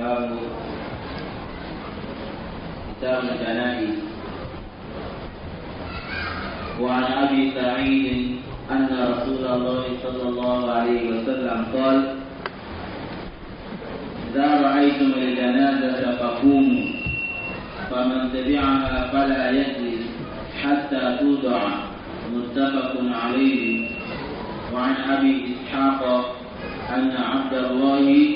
باب كتاب الجنائز وعن ابي سعيد ان رسول الله صلى الله عليه وسلم قال اذا رايتم الجنازه فقوموا فمن تبعها فلا يجلس حتى توضع متفق عليه وعن ابي اسحاق ان عبد الله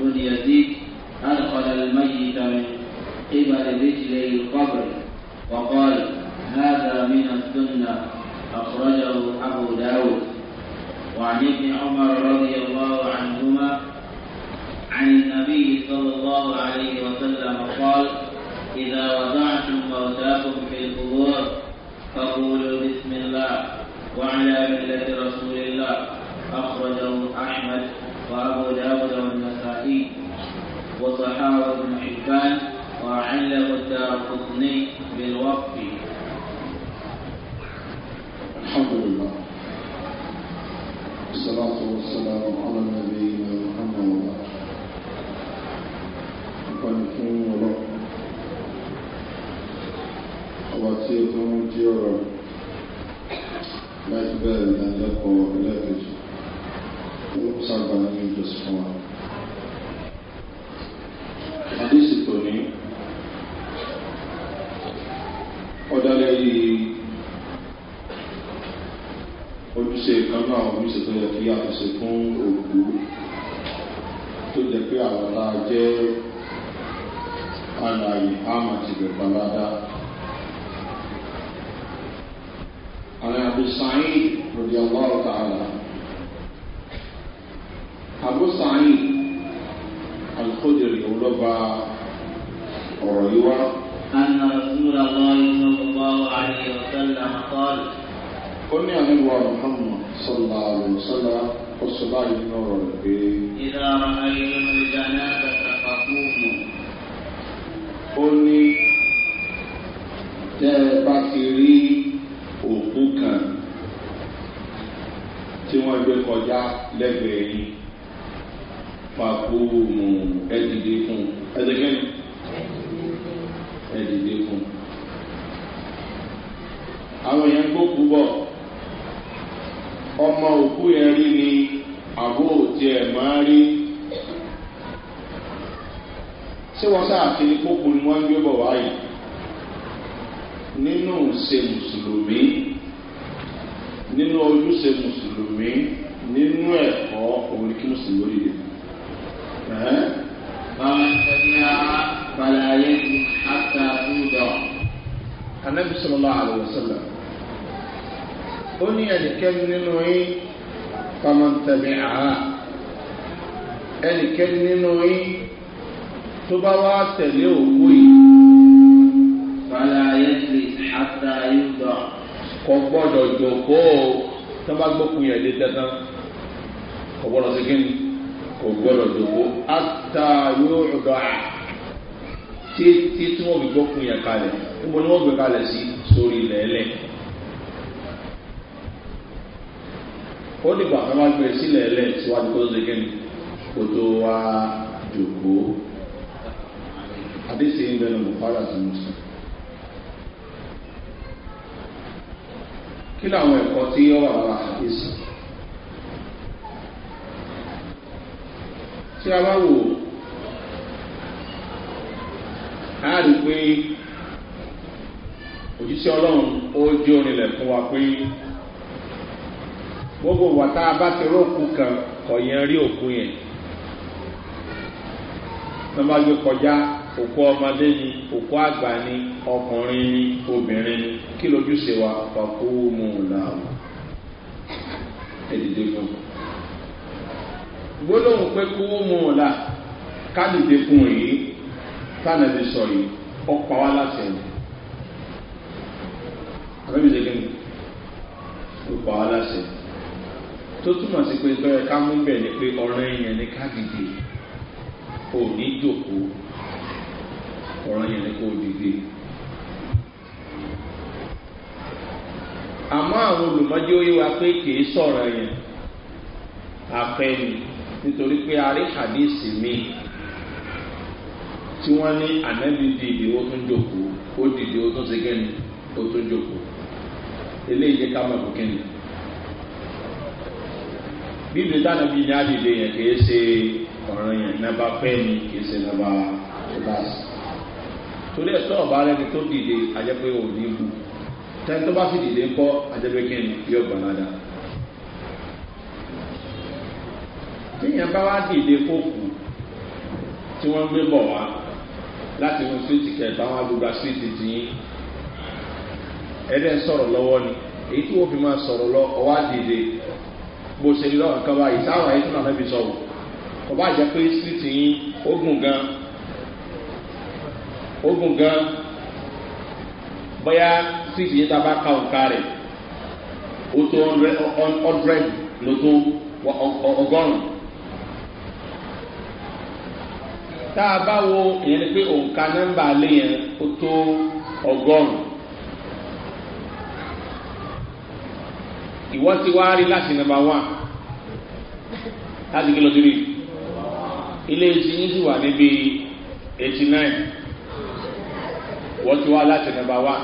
بن يزيد أنقذ الميت من قبل رجلي القبر وقال هذا من السنة أخرجه أبو داود وعن ابن عمر رضي الله عنهما عن النبي صلى الله عليه وسلم قال إذا وضعتم موتاكم في القبور فقولوا بسم الله وعلى ملة رسول الله أخرجه أحمد وأبو داود والنسائي وصححه ابن حبان وعله الدار قطني بالوقف الحمد لله والصلاة والسلام على نبينا محمد وبعد ìpanifún ọlọ́ ọba tí ó tún jí ọ̀rọ̀ láti bẹ̀rẹ̀ ìdánilẹ́kọ̀ọ́ ẹlẹ́ẹ̀kejì ó sàgbà ní ìjọsìn fún wa ṣe ìkanú àwọn ojúṣe tó yẹ kí a ti ṣe fún òkú tó jẹ pé àwọn tá a jẹ́ alàyè àmà Àwọn àbí sàáyìn rọ̀dí ọlọ́rọ̀ tààlà. Àbú sàáyìn olóba ọ̀rọ̀ yìí wá. أن رسول الله صلى الله عليه وسلم قال قلنا عن محمد sọlá olùsọlá ó sọ báyìí nínú ọ̀rọ̀ rẹ̀ pé. ìlànà ayélujára ìdáná àgbàkà fún un. ó ní tẹ́ ẹ bá ti rí òkú kan tí wọ́n gbé kọjá lẹ́gbẹ̀ẹ́ yìí fàkóòmù ẹ̀dìdì fún ẹ̀dìdì ẹ̀dìdì fún. àwọn èèyàn gbókùú bọ̀ ọmọ òkú yẹn rí ni àbó òtí ẹ̀ máa rí tí wọ́n sáàfin kókò ni wọ́n ń gbé bọ̀ wáyé nínú ṣe mùsùlùmí nínú ojúṣe mùsùlùmí nínú ẹ̀kọ́ òun kí mùsùlùmí lè dé. bàbá ìtọ́jú àbàlàyé àtàkùn dọ̀. anábìsọ̀rọ̀ àlùwẹ̀sọ̀rọ̀ ó ní ẹnìkẹ́ni nínú yín pàmọ́ntẹ̀mí àá ẹnìkẹ́ni nínú yín tó bá wá tẹ̀lé òkú yìí. fàlà ayẹ́tì àtà ìdọ̀. kò gbọ́dọ̀ jòkó tó bá gbókun yẹn dé dandan kò gbọ́dọ̀ sí kí ni kò gbọ́dọ̀ jòkó àtà dọ̀ títí tí wọ́n fi gbókun yẹn kalẹ̀ níbo ni wọ́n gbé kalẹ̀ sí sórí ilẹ̀ ẹlẹ́kọ̀ọ́. ó dìgbà kan wá gbé sílẹ̀ ẹlẹ́ síwájú kó tó ṣe kéde kó tó wá jòkó àdéṣe ń bẹnu bùkárà tó ń sùn. kí làwọn ẹ̀kọ́ tí ó wà lára àdéṣe? tí a bá wò ó rí pé òjíṣẹ́ ọlọ́run ó jó orin lẹ̀ fún wa pé gbogbo wà tá a bá ti rókù kan kọ̀yẹn rí òkú yẹn lọ́ba gbé kọjá òkú ọmọdé ni òkú àgbà ni ọkùnrin ni obìnrin ni kí lójú ṣe wa ọ̀pọ̀ mú un láàmú ẹ̀dìdì fún un gbólóhùn pé kú mú un là kádìdì fún un yìí tánàbí sọ yìí ọ̀pá wa láti ẹ̀ àbẹ́bí ṣe kí ni ọ̀pá wa láti ẹ̀ tó túmọ̀ sí pé tọ́yẹ ká mú bẹ̀ ni pé ọ̀ràn yẹn ni ká dìde ò ní jòkó ọ̀ràn yẹn ni kò dìde. àmọ́ àwọn olùmọ́jú yé wa pé kìí sọ̀rọ̀ yẹn àfẹ́ni nítorí pé a rí hadisi mi tí wọ́n ní ànábi dìde ó tún jòkó ó dìde ó tún ṣe ó tún jòkó eléyìí ká mọ̀ fún kẹ́ni lílo tánàbí ní àdìde yẹn kì í ṣe ọ̀ràn yẹn nàbà fẹ́ ni kì í ṣe nàbà ìbáṣe torí ẹ̀ tọ́ ọ̀bá rẹni tó dìde ajẹ́pẹ́ ò ní bù tẹ́ tó bá sì dìde ń kọ́ ajẹ́pẹ́ kí ni yóò gbọ́n dáadáa tíyẹn bá wá dìde fóòkù tí wọ́n ń gbé bọ̀ wá láti wọn síìtì kẹta wọn agbègbè síìtì tìyín ẹ̀dẹ̀ ń sọ̀rọ̀ lọ́wọ́ ni èyí tí wọ́n fi máa sọ̀rọ̀ lọ ọwá dìde bó ṣe ní lọ́wọ́ báyìí sáwọn ẹ̀yìn tó náà fẹ́ fi sọ̀rọ̀ kò bá jẹ́ pé a bá ka òǹkà rẹ̀ ó tó hundred ló tó ọgọ́rùn-ún. tá a bá wo ìyẹn ni pé òǹkà nọ́mbà lé yẹn ó tó ọgọ́rùn-ún. ìwọ́n ti láti kí lọ sí rí ilé tí yín sì wà níbi eighty nine wọ́n ti wá láti nọmba wá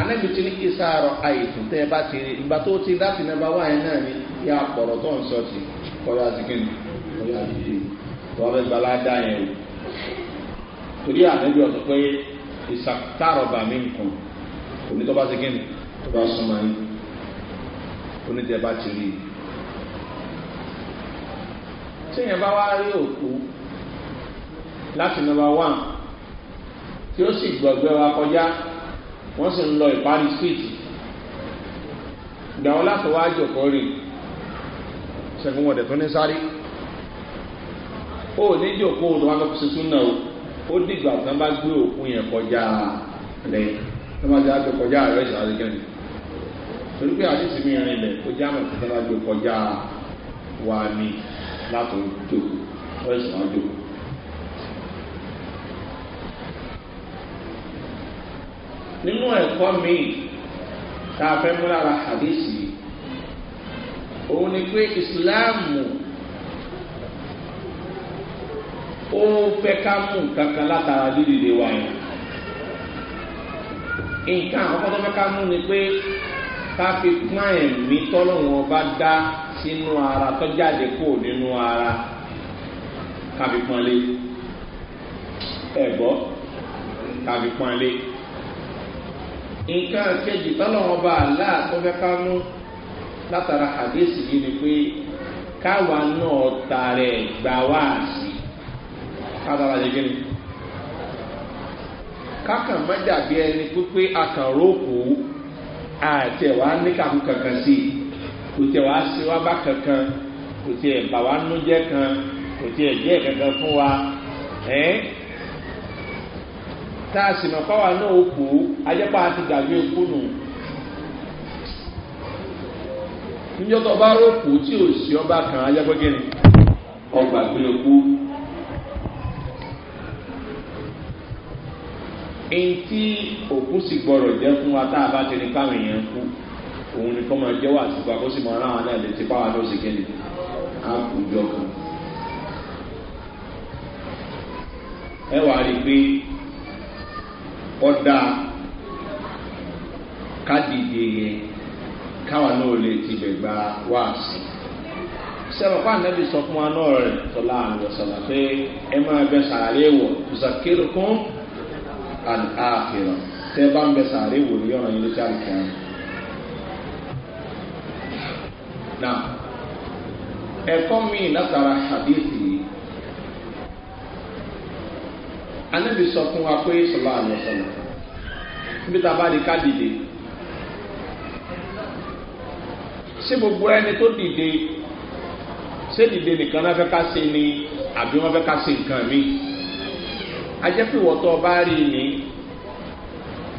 anábì tí ní ìsàárọ̀ àìsùn tẹ́ ẹ bá ti rí ìgbà tó ti láti nọmba wá yẹn náà ni yà pọ̀rọ̀ tó ń sọ ti kọ́lá sí kí ni kọ́lá sí kí ni wọ́n fẹ́ gbalá dá yẹn o torí ànábì ọ̀sọ̀ pé ìsàtàrọ̀ bà mí nǹkan onítọ́ bá ti kí ni tó bá súnmọ́ yín onítẹ̀ bá ti rí i tíyẹn bá wá rí òkú láti nọmba wán tí ó sì gbọgbẹ wa kọjá wọn sì ń lọ ìparí síìtì ìgbà wọn láti wá jòkó rè ṣẹgun wọn dẹ tó ní sáré ó ní jòkó òdò wọn kọkọ tuntun náà ó dìgbà tí wọn bá gbé òkú yẹn kọjá rẹ tí wọn bá gbé kọjá rẹ sáré gẹ́ni torí pé àti ìsinmi rìn lẹ̀ ó mọ̀ tí wọn bá gbé kọjá wa ni látòun jò lọ́sẹ̀ wọn jò. nínú ẹ̀kọ́ míì tá a fẹ́ mú lára àdéhìí òun ni pé ìsìláàmù ó fẹ́ ká mú nǹkan kan látara dídìde wa yẹn nǹkan àwọn tó fẹ́ ká mú ni pé ká fi pọ́n ẹ̀mí tọ́lọ́wọ́n bá dá. sínú ara tó jáde kó nínú ara kábí nǹkan kejì tọ́lọ́wọ́n bá àlá tó fẹ́ ká mú látara àdéhùn yìí ni pé káwa náà tààrẹ̀ gbà wá sí jẹ́ kákan kò wa si wa ba kankan kò tiẹ̀ bà wá kan kò tiẹ̀ kankan fún wa ẹ́ tá a sì mọ̀ náà ó kú ti gbàgbé nù kú tí ọba kan ajẹ́pẹ́ kí ọgbà gbé kú. èyí òkú sì gbọ́dọ̀ fún wa tá a bá ti ní òun ni kọ́ máa jẹ́ wà sípa kó sì máa rán àwọn aláìlẹ̀ tí báwa lọ́sẹ̀ kẹ́lẹ̀ á kù jọ kan. ẹ wà rí i pé ọ̀dà kádìdì yẹn káwa náà lè tibẹ̀ gba wáàsí. sẹ́wọ̀n pa ànábì sọ fún wa náà rẹ̀ tọ́lá àwọn ọ̀sán pé ẹ máa bẹ sàárè wọ̀ kùsàkérò kún àfihàn tẹ́ bá ń bẹ sàárè wò ní ọ̀ràn yìí ló jáde kí á náà ẹ̀kọ́ míì látara hadithi yìí anabi sọ fún wa pé sọlá àlọ́sọ̀nà níbi tá a bá di ká dìde ṣé gbogbo ẹni tó dìde ṣé dìde nìkan náà fẹ́ ká ṣe ni àbí wọ́n fẹ́ ká ṣe nǹkan mi ajẹ́ pé ìwọ́tọ̀ ọba rí ni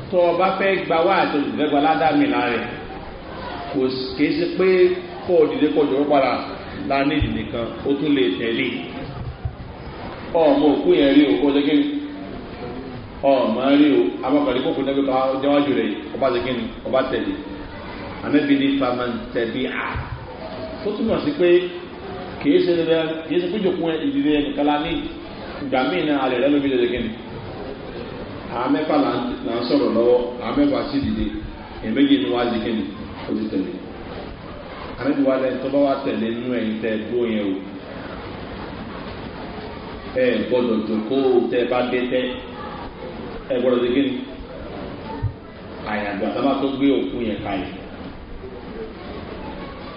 tọ́ ọba fẹ́ gba wá àti olùdẹ́gbàládàmì lára rẹ̀ kò kì pé. kó o dìde kó o padà la nídìí nìkan o tún lè tẹ̀lé ọmọ òkú yẹn rí o kó o jẹ́ kí ni ọmọ rí o amábàdí kó fún ẹgbẹ́ bá déwájú rẹ̀ ọba jẹ́ kí ni ọba tẹ̀lé anábì ní famantẹ̀bí a tó túmọ̀ sí pé kìí ṣe kìí ṣe la ní ìgbà míì náà alẹ́ rẹ̀ ló fi kí ni àwọn là ń sọ̀rọ̀ lọ́wọ́ sí ìdílé àmì wà lẹ́yìn tó bá wà tẹ̀lé nínú ẹ̀yìn tẹ́ dúró o ẹ gbọ́dọ̀ jòkó tẹ́ bá dé tẹ́ ẹ gbọ́dọ̀ dé kíni àyàgbà tó máa tó gbé òkú yẹn kalẹ̀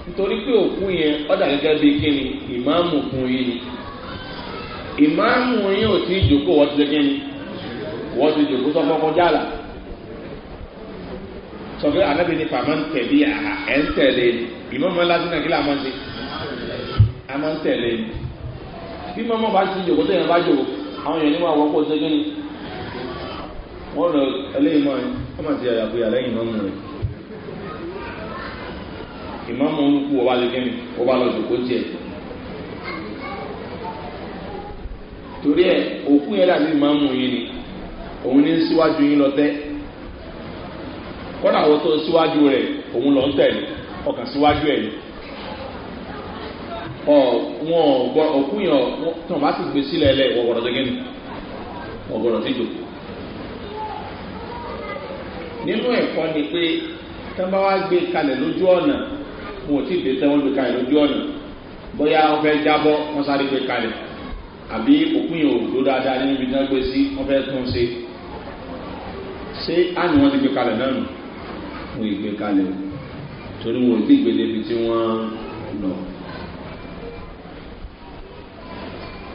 nítorí pé òkú yẹn ọ̀dà gẹ́gẹ́ bíi kíni ìmáàmù fún yín ni ìmáàmù yín ò tí ì jòkó wọ́n ti dé kíni wọ́n ti jòkó sọ́kọ́kọ́ jàlá sọfẹ anabi ni fa máa ń tẹ̀lé àhà ẹ̀ ń tẹ̀lé ìmọ̀mọ́ lásán náà kí lè máa ń ṣe a máa ń tẹ̀lé bí mọ́mọ́ bá ti jòkó tẹ̀yìn bá jòkó àwọn èèyàn ní wà wọ́pọ̀ sẹ́jọ́ ni wọ́n lọ ẹlẹ́yìn mọ́ ẹ wọ́n máa ti àyàbòyà lẹ́yìn mọ́mú rẹ̀ ìmọ̀mọ́ ń kú ọba lè kẹ́mi ọba lọ jòkó tiẹ̀ torí ẹ òkú yẹn dàbí ìmọ̀mọ́ yìí ni òun ní síwájú yín lọ tẹ́ kọ́nà àwọn tó síwájú rẹ̀ òun lọ ń tẹ̀lé ọkàn síwájú ẹ̀ ni wọn gbọ́ òkú yẹn tí wọn bá sì gbé sílẹ̀ lẹ̀ wọ́n gbọ́dọ̀ sẹ́gẹ́ni wọ́n gbọ́dọ̀ sí jòkó. nínú ẹ̀kọ́ ni pé tí wọ́n bá wá gbé kalẹ̀ lójú ọ̀nà wọn ò tí ì dé tẹ́ wọ́n gbé kalẹ̀ lójú ọ̀nà bóyá wọ́n fẹ́ jábọ́ wọ́n sáré gbé kalẹ̀ àbí òkú yẹn ò dó dáadáa nínú ibi tí wọ́n gbé sí wọ́n fẹ́ tún ṣe ṣé àná wọn ti gbé kalẹ̀ náà nù fún ìgbékalẹ̀ torí wọn ò tí ìgbélé ibi tí wọ́n lọ.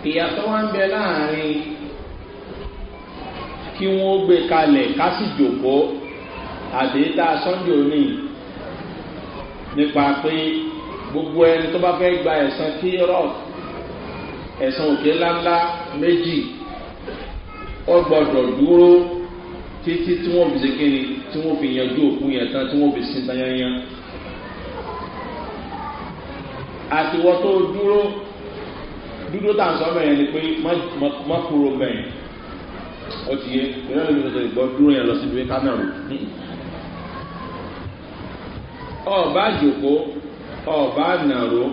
ìyàtọ̀ wa ń bẹ láàrin kí wọ́n gbé kalẹ̀ ká sì jòkó àdéhìtà sọ́njò ní nípa pé gbogbo ẹni tó bá fẹ́ gba ẹ̀sán kí rọ́ọ̀tù ẹ̀sán òkè ńláńlá méjì ọ dúró títí tí wọ́n fi ṣe kí ni tí wọ́n fi yanjú òkú yẹn tán tí wọ́n fi sin tán yányán. àtiwọ́ tó dúró dúró tà ń sọ mẹ́rin ni pé má kúrò mẹ́rin ó ti yé ìrẹ́ lómi tuntun ìgbọ́ dúró yẹn lọ sí ìdúró kámẹ́rù. ọba àjòkó ọba ànàró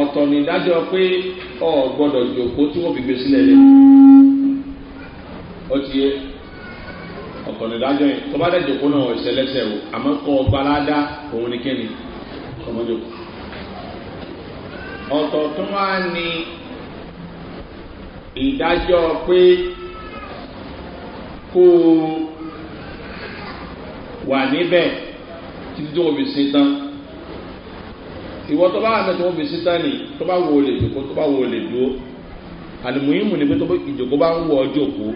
ọ̀tọ̀ nìdájọ́ pé ọ̀ gbọ́dọ̀ jòkó tí wọ́n fi gbé sílẹ̀ lẹ́yìn ó ti yé ọ̀kọ̀lẹ̀ dájọ́ yẹn tó bá dẹ̀ jòkó náà wọ̀ ìṣẹ̀lẹ̀sẹ̀ o àmọ́ kọ́ ọba ládá òun ni kẹ́ni ọmọdé o. ọ̀tọ̀ tó máa ní ìdájọ́ pé kó o wà níbẹ̀ títí tó o fi ṣe tán ìwọ tó bá wà náà tó o fi ṣe tán ni tó bá wo lè jòkó tó bá wo lè dúró àlùmọ́yìn mú ni pé tó bá ìjòkó bá ń wọ ọjọ́ òkú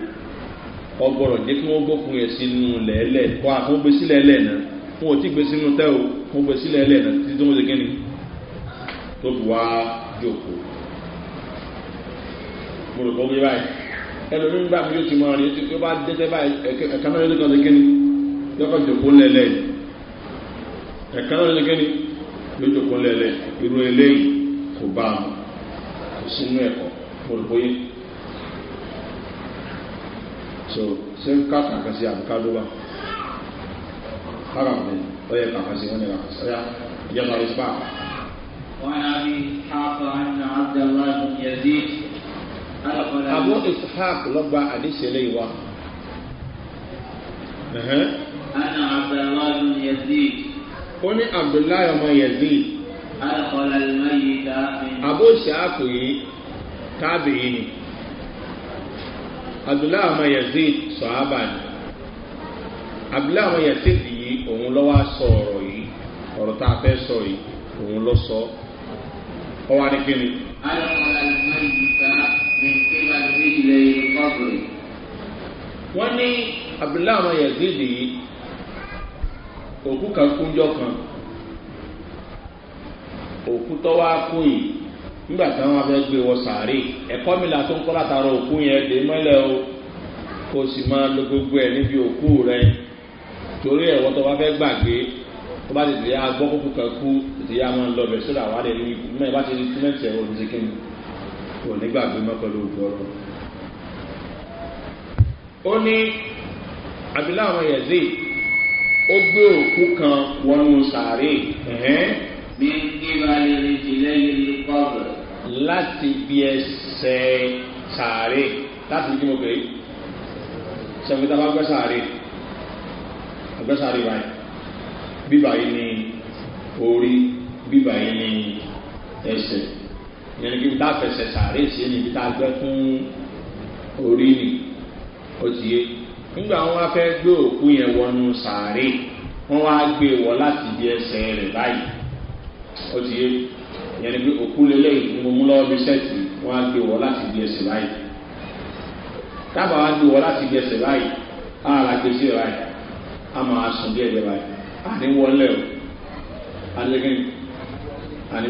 ọgbọ̀rọ̀ jẹ́ kí wọ́n gbókun yẹn sínú lẹ́ẹ̀lẹ̀ kọ́ àfún gbé sílẹ̀ lẹ̀ náà fún ọtí gbé sínú tẹ́ o fún gbé sílẹ̀ lẹ̀ náà títí tó ń ṣe kíni tó fi wá jòkó. mo rò kó gbé báyìí ẹlòmí ń gbà mí yóò ti mọ àrùn yóò bá dẹ́tẹ́ báyìí ẹ̀ka náà yóò ṣe kíni yọkọ̀ jòkó lẹ́lẹ̀ ẹ̀ka náà yóò ṣe kíni yóò jòkó lẹ́lẹ̀ irú eléyìí kò bá a kò sínú ẹ̀kọ́ mo rò kó yẹ so ṣe ká kàkà sí àbúkádóbà haram ni ó yẹ kàkà sí wọn ni kàkà sí ọyá ìjọba parí spa. wọn á bí hafa anna abdullahi bin yazid. abu ishaq lọgba àdìsẹlẹ ìwà. anna abdullahi bin yazid. ó abdullahi ọmọ yazid. alkola lmayi ta. abu ishaq yìí tábìlì ni abdullahi ọmọ yazid sọ ábà ni abdullahi ọmọ yazid yìí òun lọ wá sọ ọ̀rọ̀ yìí ọ̀rọ̀ tá a fẹ́ sọ yìí òun lọ sọ ọ wá ní wọ́n ní abdullahi ọmọ yazid yìí òkú kan kúnjọ́ kan òkú tó wá yìí nígbà tí wọn fẹ́ gbé wọ sàárè ẹ̀kọ́ mi làtó ń kọ́ látara òkú yẹn dé mọ́lẹ̀ o kò sì máa lo gbogbo ẹ̀ níbi òkú rẹ torí ẹ̀wọ́ tó bá fẹ́ gbàgbé tó bá ti tẹ̀lé agbọ́ kókó kan kú tètè yá máa ń lọ bẹ̀ sódà wà lẹ́nu ikú mẹ́rin bá ti di túmẹ̀tì ẹ̀wọ̀ ní sikin kò ní gbàgbé mọ́ pẹ̀lú ògbọ́rọ̀. ó ní abilá àwọn yẹ̀dí ó gbé òkú kan wọnú sàárè. mi ń kí balẹ̀ ìjìnlẹ̀ yìí kọ́ bẹ̀rẹ̀ láti bí ẹsẹ̀ sàárè láti bí mo pè é sẹ́fẹ̀tà bá gbẹ́ sàárè gbẹ́ sàárè báyìí bíbà ni orí bíbà yìí ni ẹsẹ̀ ìyẹn kí n tá fẹsẹ̀ sàárè sí ni tá gbẹ́ fún orí ni ó ti yé nígbà wọn wá fẹ́ gbé òkú yẹn wọnú sàárè wọn wá gbé e wọ láti bí ẹsẹ̀ rẹ̀ báyìí ó ti yé. yẹn ni pé òkú lélẹ́yìn ni mo lọ́wọ́ bí sẹ́ẹ̀tì wọ́n á gbé wọ́ láti bí ẹsẹ̀ báyìí tábà wá gbé wọ́ láti bí ẹsẹ̀ báyìí á ara gbé sí báyìí á máa sùn bí ẹ̀jẹ̀ báyìí wọlé o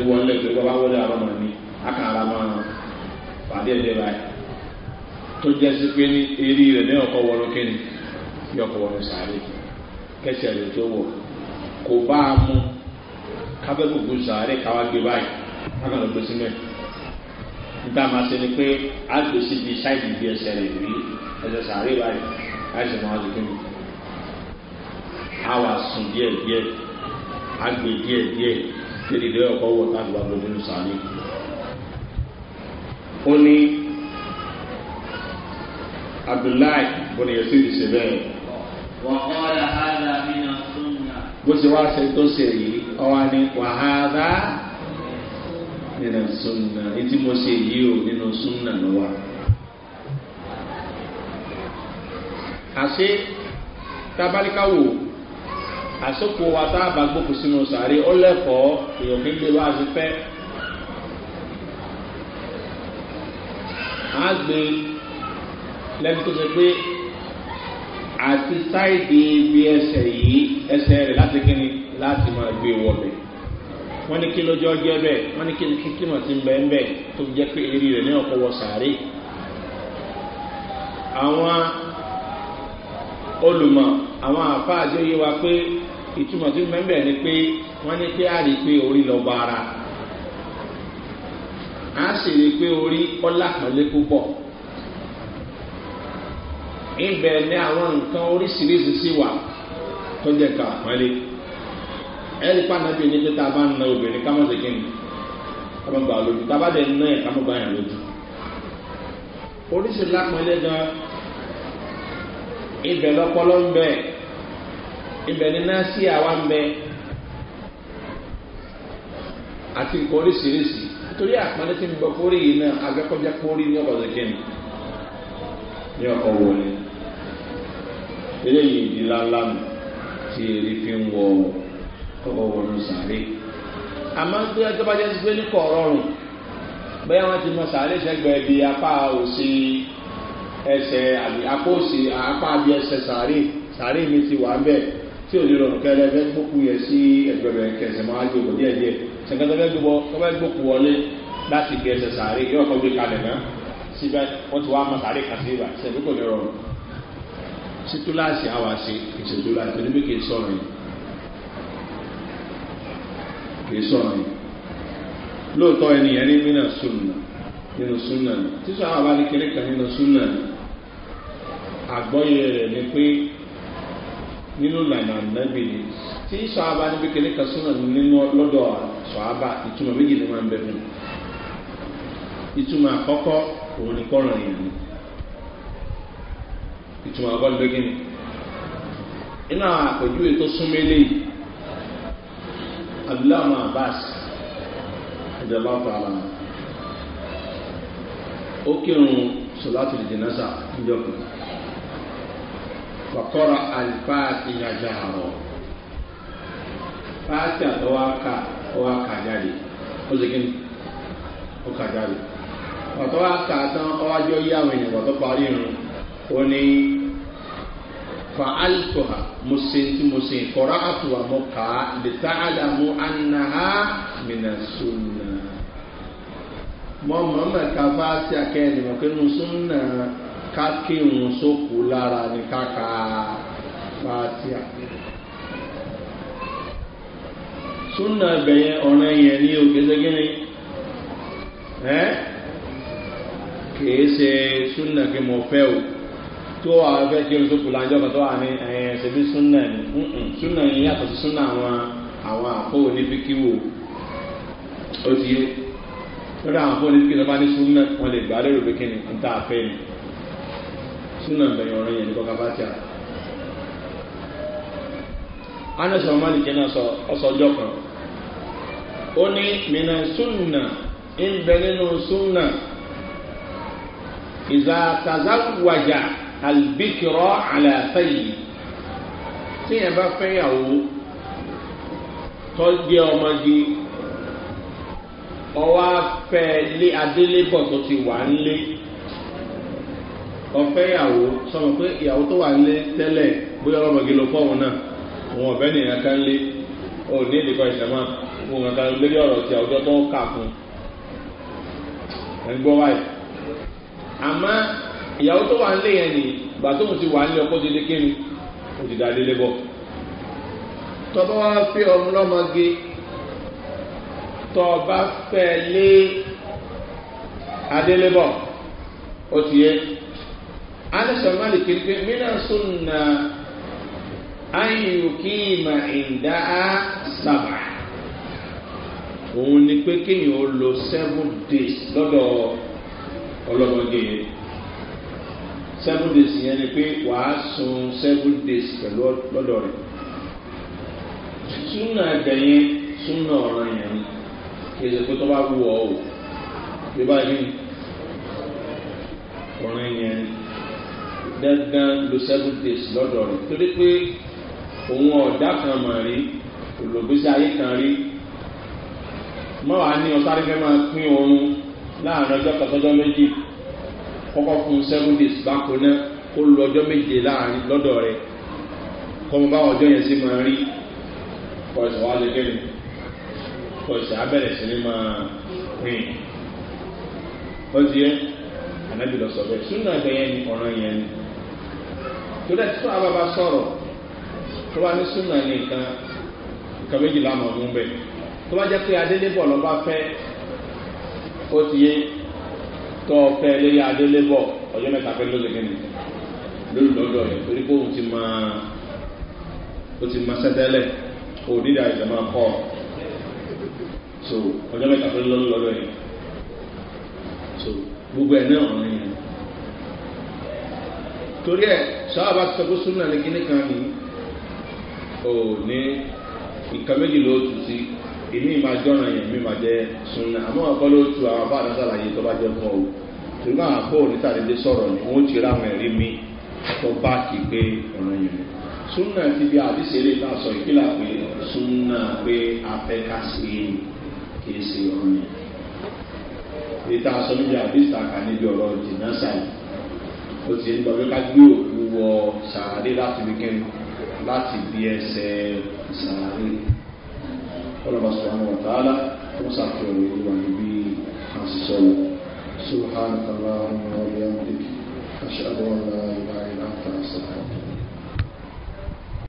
wọlé pé wọlé mi á kà máa pàdé ẹ̀jẹ̀ báyìí tó jẹ́ sí pé ní eré rẹ̀ ní ọkọ̀ wọlé wọlé sàárè kẹsẹ̀ rẹ̀ tó wọ̀ kò bá a mú kábẹ́kùkù sàárè káwá gbé báyìí. kákan ló gbé sílẹ̀ níta máa ṣe ni pé a gbé síbi ṣáìdì bí ẹsẹ̀ rẹ̀ rí ẹsẹ̀ sàárè báyìí láìsí máa ti kíni a wà sùn díẹ̀ díẹ̀ a gbé díẹ̀ díẹ̀ tẹ́lẹ̀ ìdílé ọkọ̀ wọ̀ láti wá gbogbo nínú sàárè. ó ní abdullahi bọ̀dẹ̀ yẹn sì ti ṣe bẹ́ẹ̀. wà hàdà mí náà sún bó ṣe wá ṣe tó ṣe yìí ọ wá ní wàhálà nínú sunna ní mo ṣe yìí o nínú sunna ló wà. àṣé tábàlíkà wò àsopọ̀ wa tá a bá gbókùn sínú sàárè ó lẹ́kọ̀ọ́ èèyàn kí n lè wá sí fẹ́. á gbé lẹ́nu tó ṣe pé àti sáìdì ibi ẹsẹ̀ yìí ẹsẹ̀ rẹ̀ láti kíni láti máa gbé wọlé wọ́n ní kí lójó jẹ́ bẹ́ẹ̀ wọ́n ní kí ní kíkímọ̀ ti ń bẹ́ ń bẹ́ tó jẹ́ pé eré rẹ̀ ní ọ̀pọ̀ wọ sàárè àwọn olùmọ̀ àwọn àfa àjọyé wa pé ìtumọ̀ tí ń bẹ́ ni pé wọ́n ní kí á rí pé orí lọ bá ara á sì rí pé orí ọlá pẹ̀lẹ́ púpọ̀ ìbẹ̀ ni àwọn nǹkan oríṣiríṣi sí wà tó jẹ́ ká pẹ́lẹ́ ẹ̀rí pàǹdàbí ní pé tá a bá ń obìnrin ká ṣe kí ni ká má gbà lójú tá a bá dẹ̀ ń ná ẹ̀ ká má gbà yàn lójú. oríṣi lápẹ́lẹ́ gan ibẹ̀ lọ́pọ̀lọ́ ń bẹ̀ ibẹ̀ ní násì àwa ń bẹ̀ àti nǹkan oríṣiríṣi nítorí àpọ́nlé tí ń bọ̀ fórí yìí náà agẹ́kọ̀ọ́jẹ́ pórí ní ọkọ̀ ṣe kí ni ní ọkọ̀ wò ni eléyìí ìdí ńláńlá mi tí èrè fi ń wọ ọ̀hún kọ́kọ́ wọnú sàárè àmọ́ tó yẹ tó bá jẹ́ sí pé ní kọ̀ rọrùn bẹ́ẹ̀ wọ́n ti mọ sàárè sẹ́gbẹ̀ẹ́ bíi apá òsì ẹsẹ̀ àbí apá òsì apá àbí ẹsẹ̀ sàárè sàárè mi ti wà ń bẹ̀ tí ò ní rọrùn kẹlẹ́ fẹ́ gbókù yẹ sí ẹgbẹ̀rẹ̀ kẹsẹ̀ máa jò kò díẹ̀ díẹ̀ sẹ̀kẹ́tẹ́ fẹ́ gbọ́ fẹ́ gbókù wọlé láti bí ẹsẹ̀ sàárè yóò kọ́ gbé kalẹ̀ náà síbẹ̀ wọ́n ti wá mọ sàárè kan sí ibà kò ní rọrùn sí túláàsì àwàṣe ìṣètò láti oníbìkì sọ̀rọ̀ yìí kìí sọ̀rọ̀ yìí lóòótọ́ mínà súnà nínú súnà ni tíṣọ́ àwọn abá kéré kan nínú súnà ni àgbọ́yé rẹ̀ ni pé nínú lànà nàbì ni tíṣọ́ àbá níbi kéré kan súnà ni nínú lọ́dọ̀ sọ̀ábà ìtumọ̀ méjì ni wọ́n ń bẹ fún ìtumọ̀ àkọ́kọ́ òun ni kọ́ràn yìí ni ìtumọ̀ àkọ́kọ́ ni bẹ́gẹ́ni inú àpèjúwe tó súnmọ́ eléyìí abdullahi abbas ìdọ̀lá tààlà ó kírun sọláàtì ìdínásà níjọkùn fàkọ́ra àlùfà ìyàjà àrọ̀ pàtì ka, ọwáka jáde ó sì kíni ó kà jáde pàtọ́wáka tán ọwájọ́ yí àwọn ènìyàn pàtó parí irun ó ní fa'altuha mo se ti mo se kɔra atuwa mo kaa le taala mo anaha mina sunna mo mama ka faasi akɛyɛ ma ko nu sunna ka ke ŋun so ko lara ni ka ka faasi a sunna bɛyɛ ɔnɛ yɛ ni o kese kini ɛ kese sunna ke mo fɛ o. tí ó wà fẹ́ kí o tó kùlà ìjọba tó wà ní ẹ̀yẹn ṣe bí súnà ní súnà yìí yàtọ̀ sí súnà àwọn àwọn àfọwò ní fíkíwò ó ti yé lórí àwọn àfọwò ní fíkí lọ́ba ní súnà wọn lè gbà lérò pé kíni ń tà fẹ́ ni súnà bẹ̀yìn ọ̀rọ̀ yẹn ní kọ́ka bá tíà. náà sọ ọsọ kan ó ní mina súnà ń bẹ nínú súnà albikirọ àlàfẹyì tíyẹn bá fẹyàwó tọjẹ ọmọge ọwọ afẹ lé adélébọ tó ti wà nílé ọfẹyàwó sọmọ pé ìyàwó tó wà nílé tẹlẹ bóyá ọmọge ló fọwọn náà wọn ọbẹ nìyẹn kan lé òní ìdíkọ ìṣẹmọ wọn kan lórí ọrọ tí àwùjọ tó ń kà fún ẹgbọn wáyé àmọ ìyàwó tó wà ń lé yẹn nì gbà tó ń ti wà ń lé ọkọ dídé kéwì ó ti dá délé bọ̀ tọ́ba wá fẹ́ ọmọ lọ́mọge tọ́ba fẹ́ lé adélébọ̀ ó ti yẹ alẹ́sọ̀ máa lè kiri pé mìíràn súnà ayùkí mà ìdá sábà òun ni pé kéèyàn ó lo seven days lọ́dọ̀ ọlọ́mọge yẹn seven days yẹn ni pé wàá sun seven days pẹ̀lú lọ́dọ̀ rẹ̀ súnà ẹgbẹ̀yẹ súnà ọ̀ràn yẹn ni kí ẹsẹ̀ pé tó bá wù ọ́ o bí báyìí ni ọ̀ràn yẹn ni dandan lo seven days lọ́dọ̀ rẹ̀ torí pé òun ọ̀dà kan mà rí olùgbèsè ayé kan rí mọ́ wàá ní ọ̀sáré fẹ́ máa pín oorun láàrin ọjọ́ kan sọ́jọ́ méjì kọ́kọ́ fún seven days bákan náà kó lo ọjọ́ méje láàrin lọ́dọ̀ rẹ̀ kọ́mọ báwọn ọjọ́ yẹn sí máa rí kọ̀ọ̀sì wá lé kẹ́lẹ̀ kọ̀ọ̀sì abẹ́rẹ̀ sí ni máa rìn wọ́n ti yẹ ànábì lọ sọ bẹ́ẹ̀ súnà gbẹ̀yẹn ni ọ̀ràn yẹn ni tó dẹ́ tó àbábá sọ̀rọ̀ tó bá ní súnà ní nǹkan nǹkan méjìlá mọ̀ mú bẹ́ẹ̀ tó bá jẹ́ pé adélébọ̀ lọ́ fẹ́ ó yẹ tó ọfẹ́ léyà adélébọ̀ ọjọ́ mẹ́ta pẹ́ lóde kẹ́ni lórí lọ́dọ̀ rẹ̀ torí pé òun ti máa ó ti máa sẹ́tẹ́lẹ̀ kò dídà ìjà máa kọ́ so ọjọ́ mẹ́ta pẹ́ lórí lọ́dọ̀ rẹ̀ so gbogbo ẹ̀ náà ọ̀rìn yẹn torí ẹ̀ sábà ti sọ pé súnà ní kíní kan ní ò ní nǹkan méjì ló tù sí èmi máa jọ́nà yẹn mi máa jẹ́ sunna àmọ́ ọ̀pọ̀ tu àwọn afá àdásàlàyé tó bá jẹ́ fún ọ ṣùgbọ́n àwọn onítàdédé sọ̀rọ̀ ni wọ́n ti ráwọn ẹ̀rí mi tó bá kì í pé ọ̀ràn yẹn ni sunna ti bí àdìsí ilé náà sọ ìpìlà pé sunna pé afẹ́ká sí i kì í ṣe ọ̀ràn yẹn ètò àṣọ níbi àdìsí àkà níbi ọ̀rọ̀ jìnnà sáyẹn ó ti ń lọ pé òkú wọ sàárè láti bí ẹsẹ̀ ọlọ́ba sọ̀rọ̀ wọn tààlà ó sàfihàn ìwà níbi àṣìṣọ́lù subhanahu wa ta'ala wa bihamdihi ashhadu an la ilaha illa anta astaghfiruka